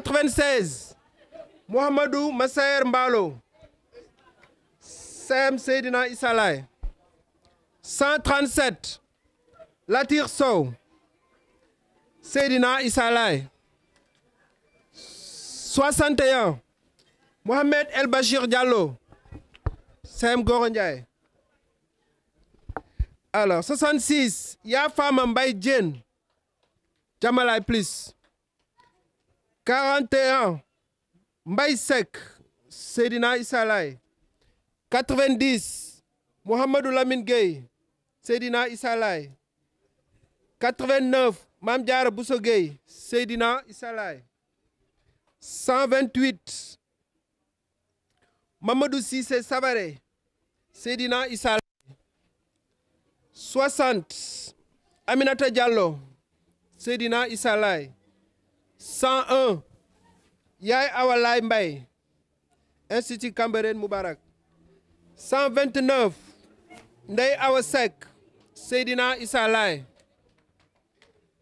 96 Mouhamadou Massaer Mbalo Sem Seydina Issa Laye Latir Sow Seydina Issa Laye 61 Mohamed El Bachir Diallo Sem Goro Ndiaye alors 66 Ya Fama Plus 41 sek Seck Seydina Issa Laye 90 Mouhamadou Lamine Gueye Seydina Issa Laye 89 Mame Diarra Bousso Gueye Seydina Issa Laye 128 Mamadou Seydina Issa Laye Aminata Diallo Seydina Issa 101 Yaay Awalaay Mbaye Institut Cambérène Moubarak 129 Ndey Awa Seck Seydina Issa Laye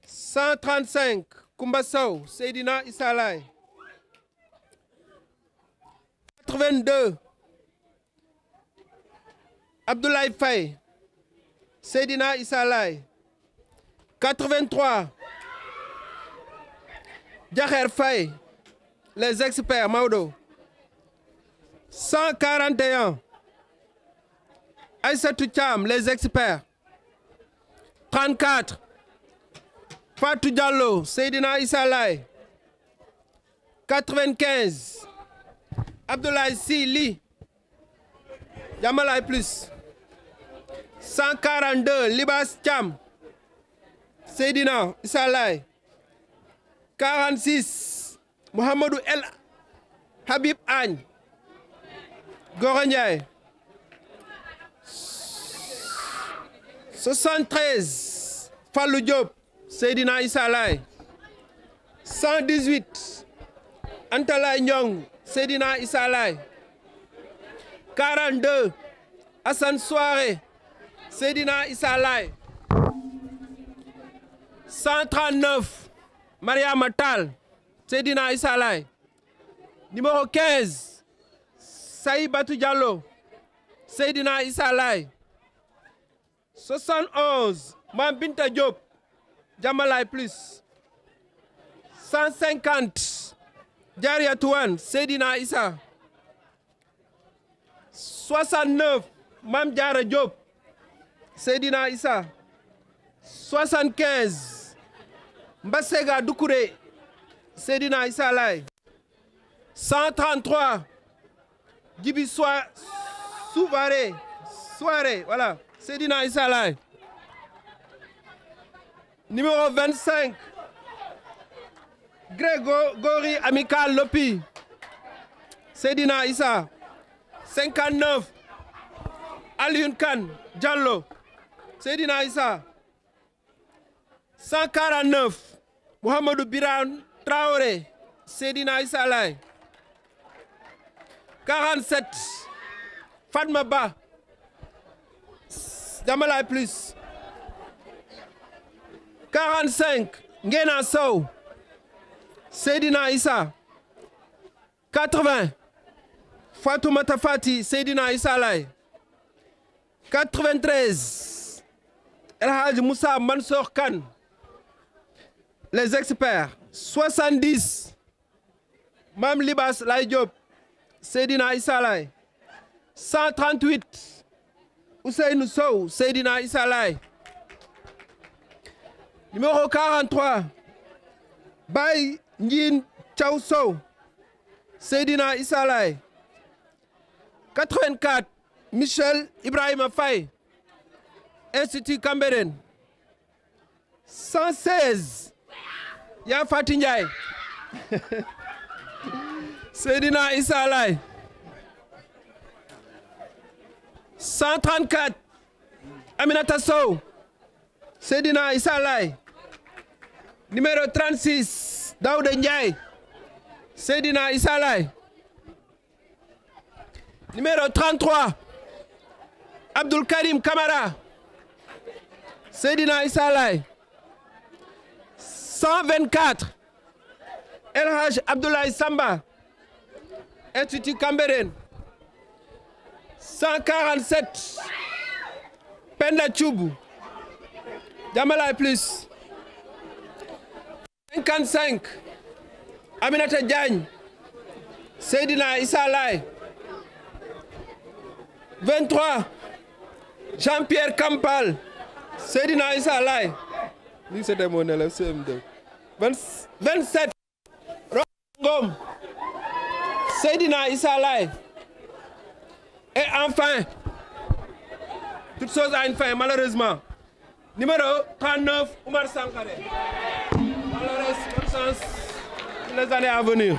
135 Koumba Sow Seydina Issa Laye 82 Abdoulaye Faye Seydina Issa Laye Diakher Faye le experts Maodo cent quarante et un Aïssatou Thiam les experts trente quatre Seydina Issa Laye quatre vingt quinze Plus cent quarante deux Libas Thiam Seydina Issa 46 Mouhamadou El Habib Agne Gora Ndiaye 73 Fallou Diop Seydina Issa Laye 118 Anta Laye Ndiong Seydina Issa Laye 42 Assane Mariama Tall Seydina Issa Laye numéro 15 Saïbatou Diallo Seydina Issa Laye 71 Mam Binta Diop Jamalaay plus 150 Jariatu Wan Seydina Issa 69 Mam Diara Diop Seydina Issa 75 Mbasséga Doucouré Seydina Issa Laye 133 Djibi Soa Souvaré Souvaré voilà Seydina Issa Laye numéro 25 Grégory Amical Lopi Seydina Issa 59 Alioune Kane 149 Mouhamadou Birane Traoré Seydina Issa Laye 47 Fatma Ba Jamalaay plus 45 Ngena Sow Seydina Issa 80 Fatoumata Fati Seydina Issa Laye 93 El Hadj Moussa Mansour Kane le experts 70 Mame Libas Laye Diop Seydina Issa Laye Sow Seydina Issa Laye bay 43 caw Sow Seydina Issa Laye 84 Michel Ibrahima Faye Institut Cambérène 116 yaa Fati Ndiaye Seydina Issa Laye 134 Aminata Sow Seydina Issa Laye numéro 36 Daouda Ndiaye Seydina Issa Laye numéro 33 Abdoul Karim Kamara Seydina Issa 124 El Hadj Abdoulaye Samba Institut Cambérène 147 Penda Thioub Jamalaay Plus 55 Aminata Diagne Seydina Issa Laye 23 Jean-Pierre Kampal Seydina Issa Lui, c'était mon élève CM2. 20, 27. Rongom. Seydina Issalay. Et enfin, toute chose a une fin, malheureusement. Numéro 39, Oumar Sankaré. Alors, bonne chance les années à venir.